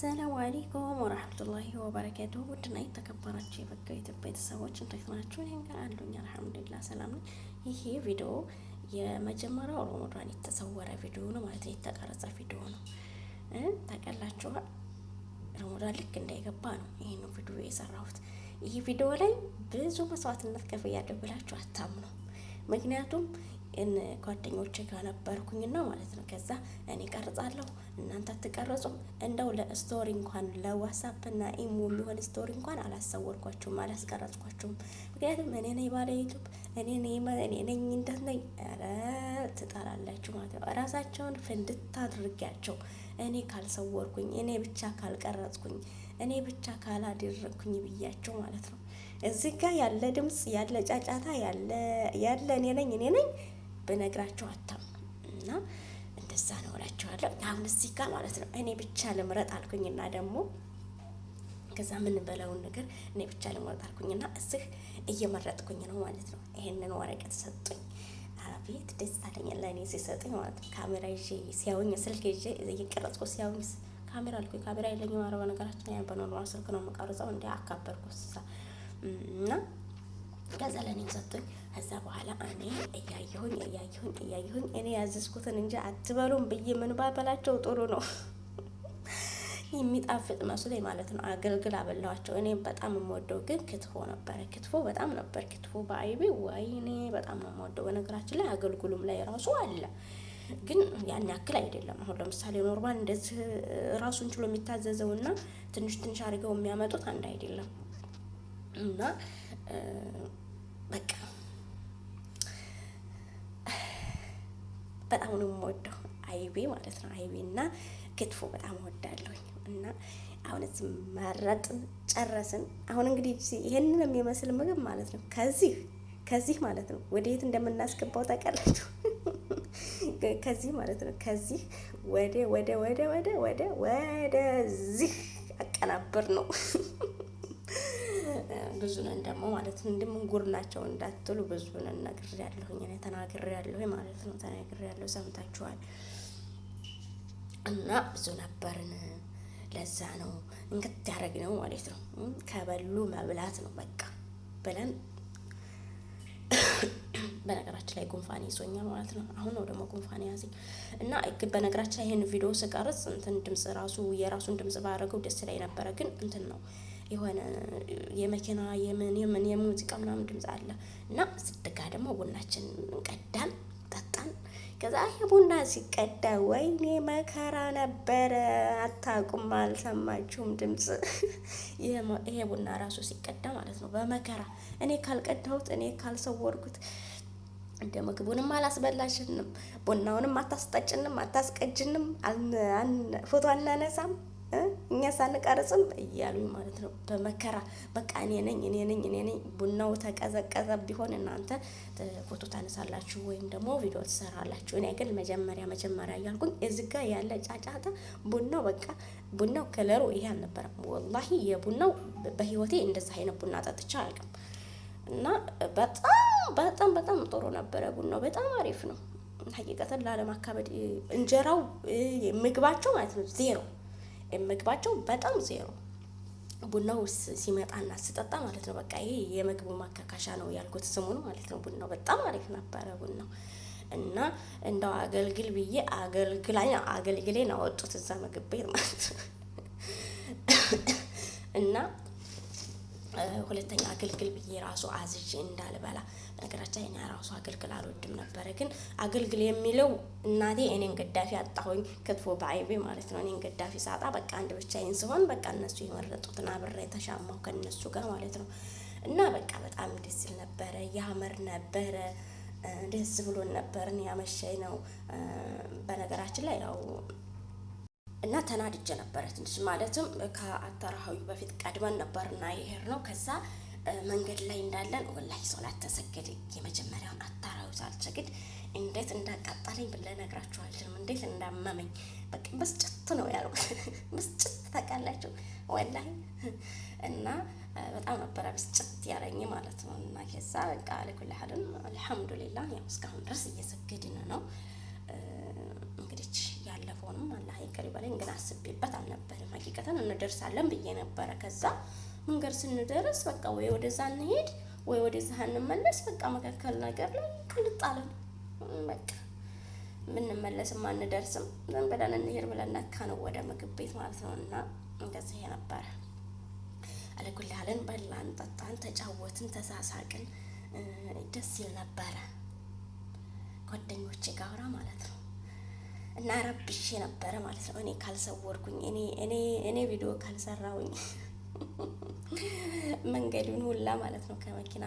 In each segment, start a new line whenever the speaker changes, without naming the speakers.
ሰላም አለይኩም ወራህመቱላሂ ወበረከቱ። ውድና የተከበራችሁ የበጎ ኢትዮጵያ ቤተሰቦች እንዴት ናችሁ? እኔ ጋር አሉኝ አልሐምዱሊላህ ሰላም ነው። ይሄ ቪዲዮ የመጀመሪያው ረመዳን የተሰወረ ቪዲዮ ነው ማለት ነው፣ የተቀረጸ ቪዲዮ ነው። ታውቃላችሁ ረመዳን ልክ እንዳይገባ ነው ይሄን ቪዲዮ የሰራሁት። ይህ ቪዲዮ ላይ ብዙ መስዋዕትነት ከፍ ያደብላችሁ አታምኑ። ምክንያቱም ጓደኞች ጋር ነበርኩኝና ማለት ነው። ከዛ እኔ ቀርጻለሁ፣ እናንተ አትቀረጹም። እንደው ለስቶሪ እንኳን ለዋትስአፕ እና ኢሞ የሚሆን ስቶሪ እንኳን አላሰወርኳችሁም፣ አላስቀረጽኳችሁም። ምክንያቱም እኔ ነኝ ባለ ዩቱብ እኔ ነኝ እንደት ነኝ ትጠላላችሁ ማለት ነው። ራሳቸውን ፍንድት አድርጊያቸው እኔ ካልሰወርኩኝ፣ እኔ ብቻ ካልቀረጽኩኝ፣ እኔ ብቻ ካላደረግኩኝ ብያቸው ማለት ነው። እዚህ ጋር ያለ ድምፅ ያለ ጫጫታ ያለ እኔ ነኝ እኔ ነኝ ብነግራቸው አታም እና እንደዛ ነው እላቸዋለሁ። አሁን እዚህ ጋር ማለት ነው እኔ ብቻ ልምረጥ አልኩኝና ደግሞ ከዛ የምንበላውን ነገር እኔ ብቻ ልምረጥ አልኩኝና እዚህ እየመረጥኩኝ ነው ማለት ነው። ይሄንን ወረቀት ሰጡኝ። አቤት ደስ አለኝ ለእኔ ሲሰጡኝ ማለት ነው። ካሜራ ይዤ ሲያውኝ ስልክ ይዤ እየቀረጽኩ ሲያውኝ ካሜራ አልኩኝ። ካሜራ የለኝም አረባ ነገራችን ያ በኖርማል ስልክ ነው የምቀርጸው። እንዲ አካበርኩ ስሳ እና ከዛ ለእኔ ሰጡኝ። ከዛ በኋላ እኔ እያየሁኝ እያየሁኝ እያየሁኝ እኔ ያዘዝኩትን እንጂ አትበሉም ብዬ ምን ባበላቸው ጥሩ ነው የሚጣፍጥ መስሎኝ ማለት ነው። አገልግል አበላዋቸው እኔ በጣም የምወደው ግን ክትፎ ነበረ። ክትፎ በጣም ነበር። ክትፎ በአይቤ ወይኔ በጣም ነው የምወደው። በነገራችን ላይ አገልግሉም ላይ ራሱ አለ፣ ግን ያን ያክል አይደለም። አሁን ለምሳሌ ኖርማል እንደዚህ ራሱን ችሎ የሚታዘዘው እና ትንሽ ትንሽ አድርገው የሚያመጡት አንድ አይደለም እና በቃ በጣም ነው የምወደው። አይቤ ማለት ነው። አይቤ እና ክትፎ በጣም ወዳለሁኝ እና አሁን እዚህ መረጥን ጨረስን። አሁን እንግዲህ ይሄንን የሚመስል ምግብ ማለት ነው ከዚህ ከዚህ ማለት ነው ወደ የት እንደምናስገባው ታውቃላችሁ? ከዚህ ማለት ነው ከዚህ ወደ ወደ ወደ ወደ ወደ ወደዚህ አቀናብር ነው። ብዙ ነን ደግሞ ማለት ነው እንደምንጉር ናቸው እንዳትሉ ብዙ ነን። ብዙንን ነግሬያለሁኝ እኔ ተናግሬያለሁ ማለት ነው ተናግሬያለሁ ሰምታችኋል። እና ብዙ ነበርን ለዛ ነው እንክት ያደረግ ነው ማለት ነው። ከበሉ መብላት ነው በቃ ብለን በነገራችን ላይ ጉንፋን ይዞኛል ማለት ነው። አሁን ነው ደግሞ ጉንፋን ያዘኝ እና በነገራችን ላይ ይህን ቪዲዮ ስቀርጽ እንትን ድምጽ ራሱ የራሱን ድምጽ ባደረገው ደስ ላይ ነበረ ግን እንትን ነው የሆነ የመኪና የምን የምን የሙዚቃ ምናምን ድምፅ አለ እና ስድጋ ደግሞ ቡናችን ቀዳን፣ ጠጣን። ከዛ የቡና ሲቀዳ ወይኔ መከራ ነበረ። አታቁም አልሰማችሁም ድምፅ። ይሄ ቡና ራሱ ሲቀዳ ማለት ነው በመከራ እኔ ካልቀዳሁት እኔ ካልሰወርኩት እንደ ምግቡንም አላስበላሽንም፣ ቡናውንም አታስጠጭንም፣ አታስቀጅንም፣ ፎቶ አናነሳም። እኛ ሳንቀርጽም እያሉኝ ማለት ነው። በመከራ በቃ እኔ ነኝ እኔ ነኝ እኔ ነኝ። ቡናው ተቀዘቀዘ ቢሆን እናንተ ፎቶ ታነሳላችሁ ወይም ደግሞ ቪዲዮ ትሰራላችሁ። እኔ ግን መጀመሪያ መጀመሪያ እያልኩኝ እዚህ ጋር ያለ ጫጫታ ቡናው በቃ ቡናው ከለሩ ይሄ አልነበረም። ወላሂ የቡናው በህይወቴ እንደዛ አይነት ቡና ጠጥቼ አያውቅም። እና በጣም በጣም በጣም ጥሩ ነበረ ቡናው። በጣም አሪፍ ነው። ሀቂቀትን አካባቢ እንጀራው ምግባቸው ማለት ነው ዜሮ ምግባቸው በጣም ዜሮ ቡናው ሲመጣና ስጠጣ ማለት ነው። በቃ ይሄ የምግቡ ማካካሻ ነው ያልኩት ስሙን ማለት ነው። ቡናው በጣም አሪፍ ነበረ ቡናው እና እንደው አገልግል ብዬ አገልግሌ አገልግሌን አወጡት እዛ ምግብ ቤት ማለት ነው። እና ሁለተኛ አገልግል ብዬ ራሱ አዝዤ እንዳልበላ ነገራችን እኔ ራሱ አገልግል አልወድም ነበረ። ግን አገልግል የሚለው እናቴ እኔን ገዳፊ አጣሁኝ፣ ክትፎ በአይቤ ማለት ነው። እኔን ገዳፊ ሳጣ በቃ አንድ ብቻዬን ስሆን በቃ እነሱ የመረጡትን አብሬ የተሻማው ከነሱ ጋር ማለት ነው። እና በቃ በጣም ደስ ይል ነበረ፣ ያምር ነበረ፣ ደስ ብሎን ነበርን። ያመሸኝ ነው በነገራችን ላይ ያው እና ተናድጄ ነበረ ትንሽ ማለትም ከአተራሀዊ በፊት ቀድመን ነበርና ይሄር ነው ከዛ መንገድ ላይ እንዳለን ወላሂ ሶላት ተሰገድ የመጀመሪያውን አታራዊ ሳልሰግድ እንዴት እንዳቃጣለኝ ልነግራችሁ አልችልም። እንዴት እንዳመመኝ በቃ ብስጭት ነው ያለው ብስጭት ታውቃላችሁ። ወላሂ እና በጣም ነበረ ብስጭት ያለኝ ማለት ነው። እና ከዛ በቃ አለኩላህልን አልሐምዱሊላ ያው እስካሁን ድረስ እየሰገድን ነው። እንግዲህ ያለፈውንም አላህ ይቅር ይበለኝ፣ ግን አስቤበት አልነበርም። ሀቂቀተን እንደርሳለን ብዬ ነበረ ከዛ መንገድ ስንደርስ በቃ ወይ ወደዛ እንሄድ ወይ ወደዛ እንመለስ። በቃ መካከል ነገር ላይ ቅልጥ በቃ ብንመለስም አንደርስም ዝም ብለን እንሄድ ብለን ነካ ነው ወደ ምግብ ቤት ማለት ነው። እና እንደዚህ ነበረ አለኩላልን። በላን፣ ጠጣን፣ ተጫወትን፣ ተሳሳቅን። ደስ ይል ነበረ ጓደኞቼ ጋራ ማለት ነው። እና ረብሼ ነበረ ማለት ነው። እኔ ካልሰወርኩኝ እኔ እኔ እኔ ቪዲዮ ካልሰራውኝ መንገዱን ሁላ ማለት ነው ከመኪና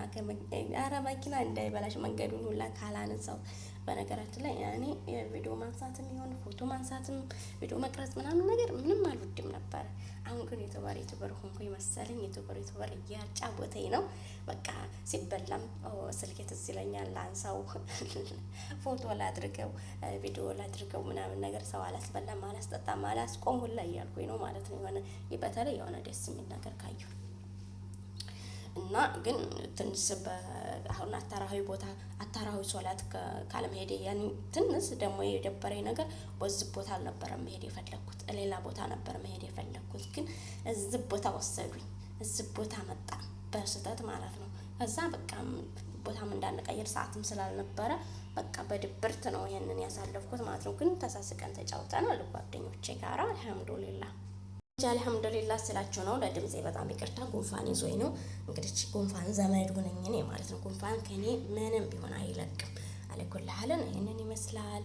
ኧረ መኪና እንዳይበላሽ መንገዱን ሁላ ካላነሳው በነገራችን ላይ እኔ የቪዲዮ ማንሳትም ይሁን ፎቶ ማንሳትም ቪዲዮ መቅረጽ ምናምን ነገር ምንም አልወድም ነበር። አሁን ግን የተባር የተበር ሆንኩ መሰለኝ። የተበር ዩቱበር እያጫወተኝ ነው። በቃ ሲበላም ስልኬ ትዝ ይለኛል። ላንሳው፣ ፎቶ ላድርገው፣ ቪዲዮ ላድርገው ምናምን ነገር ሰው አላስበላም፣ አላስጠጣም፣ አላስቆሙላ እያልኩኝ ነው ማለት ነው። የሆነ በተለይ የሆነ ደስ የሚል ነገር ካየሁ እና ግን ትንስ አሁን አታራዊ ቦታ አታራዊ ሶላት ካለመሄዴ ያን ትንስ ደግሞ የደበረኝ ነገር በዚህ ቦታ አልነበረም መሄድ የፈለግኩት፣ ሌላ ቦታ ነበር መሄድ የፈለግኩት። ግን እዚህ ቦታ ወሰዱኝ፣ እዚህ ቦታ መጣ በስህተት ማለት ነው። ከዛ በቃ ቦታም እንዳንቀይር ሰዓትም ስላልነበረ በቃ በድብርት ነው ይህንን ያሳለፍኩት ማለት ነው። ግን ተሳስቀን ተጫውተናል ጓደኞቼ ጋራ አልሐምዱሊላህ። ብቻ አልሐምዱሊላ ስላቸው ነው። ለድምፄ በጣም ይቅርታ፣ ጉንፋን ይዞኝ ነው። እንግዲህ ጉንፋን ዘመዱ ነኝ እኔ ማለት ነው። ጉንፋን ከኔ ምንም ቢሆን አይለቅም። አለኩላህልን ይህንን ይመስላል።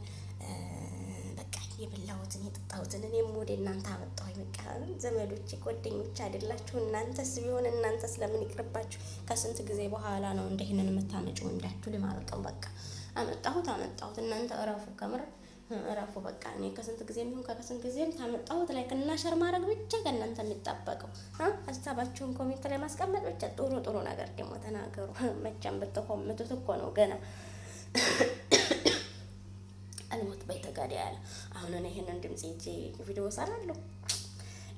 በቃ የበላሁትን የጠጣሁትን እኔም ወደ እናንተ አመጣሁ። በቃ ዘመዶች ጓደኞች አይደላችሁ እናንተስ ቢሆን እናንተ ስለምን ይቅርባችሁ? ከስንት ጊዜ በኋላ ነው እንደህንን የምታመጪው እንዳችሁ ልማረቀው። በቃ አመጣሁት አመጣሁት እናንተ እረፉ ከምር እረፉ በቃ። እኔ ከስንት ጊዜም ይሁን ከስንት ጊዜም ታመጣሁት ላይክ እና ሸር ማድረግ ብቻ ከእናንተ የሚጠበቀው ሀሳባችሁን ኮሜንት ላይ ማስቀመጥ ብቻ። ጥሩ ጥሩ ነገር ደግሞ ተናገሩ። መቼም ብትኮምቱት እኮ ነው ገና አልሞት በይተጋዲ ያለ አሁን እኔ ይሄንን ድምጽ ይዤ ቪዲዮ እሰራለሁ።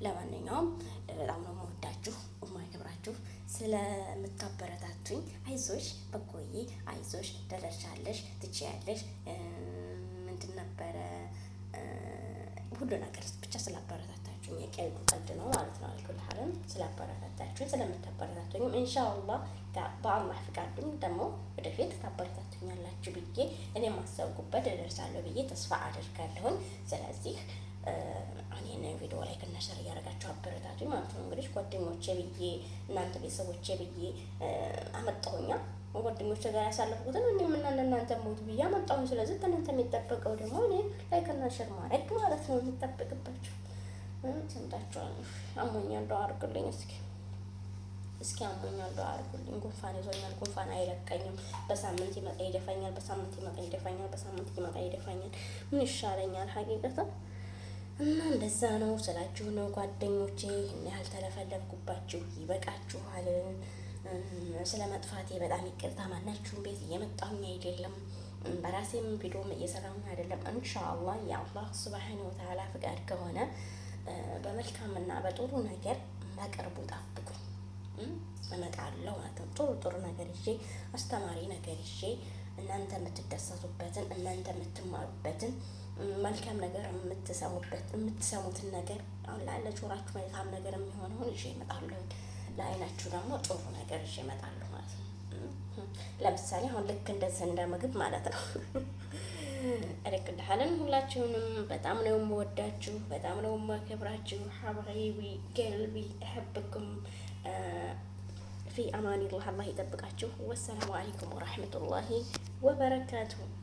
ለማንኛውም በጣም ነው የምወዳችሁ የማከብራችሁ ስለምታበረታቱኝ አይዞሽ በኮዬ አይዞሽ ደረሻለሽ ትችያለሽ ምንድን ነበረ ሁሉ ነገር ብቻ ስላበረታታችሁኝ የቀልድ ቀልድ ነው ማለት ነው። አልኩል ሀረም ስላበረታታችሁኝ ስለምታበረታቱኝም ኢንሻአላህ በአላህ ፍቃድም ደግሞ ወደፊት ታበረታቱኛላችሁ ብዬ እኔ ማሰብኩበት እደርሳለሁ ብዬ ተስፋ አደርጋለሁኝ። ስለዚህ እኔን ቪዲዮ ላይ እና ሸር እያደረጋችሁ አበረታቱኝ ማለት ነው። እንግዲህ ጓደኞቼ ብዬ እናንተ ቤተሰቦቼ ብዬ አመጣሁኛ ጓደኞች ጋር ያሳለፍኩትን እኔም እና ለእናንተ ሞት ብዬ መጣሁ። ስለዚህ ከእናንተ የሚጠበቀው ደግሞ እኔ ላይክ እና ሸር ማድረግ ማለት ነው የሚጠበቅባቸው። ሰምታችኋል። አሞኛ ዱአ አድርጉልኝ እስኪ እስኪ አሞኛ ዱአ አድርጉልኝ። ጉንፋን ይዞኛል፣ ጉንፋን አይለቀኝም። በሳምንት ይመጣ ይደፋኛል፣ በሳምንት ይመጣ ይደፋኛል፣ በሳምንት ይመጣ ይደፋኛል። ምን ይሻለኛል ሀቂቀተን እና እንደዛ ነው ስላችሁ ነው ጓደኞቼ። ይህን ያህል ይበቃችኋል። ስለ መጥፋቴ በጣም ይቅርታ። ማናችሁም ቤት እየመጣሁኝ አይደለም፣ በራሴም ቪዲዮም እየሰራሁኝ አይደለም። እንሻአላህ የአላህ ስብሓን ወተዓላ ፍቃድ ከሆነ በመልካምና በጥሩ ነገር በቅርቡ ጠብቁ፣ እመጣለሁ ማለት ነው። ጥሩ ጥሩ ነገር ይዤ አስተማሪ ነገር ይዤ እናንተ የምትደሰቱበትን እናንተ የምትማሩበትን መልካም ነገር የምትሰሙበት የምትሰሙትን ነገር ላለ ጆራችሁ መልካም ነገር የሚሆነውን ይዤ እመጣለሁ። ለአይናችሁ ደግሞ ጥሩ ነገር ይዤ እመጣለሁ ማለት ነው። ለምሳሌ አሁን ልክ እንደዚህ እንደ ምግብ ማለት ነው። እልክ እንደሃለን ሁላችሁንም በጣም ነው የምወዳችሁ፣ በጣም ነው የማከብራችሁ። ሀብሪቢ ገልቢ እህብኩም ፊ አማኒላህ አላህ ይጠብቃችሁ። ወሰላሙ አለይኩም ወራህመቱላሂ ወበረካቱሁ።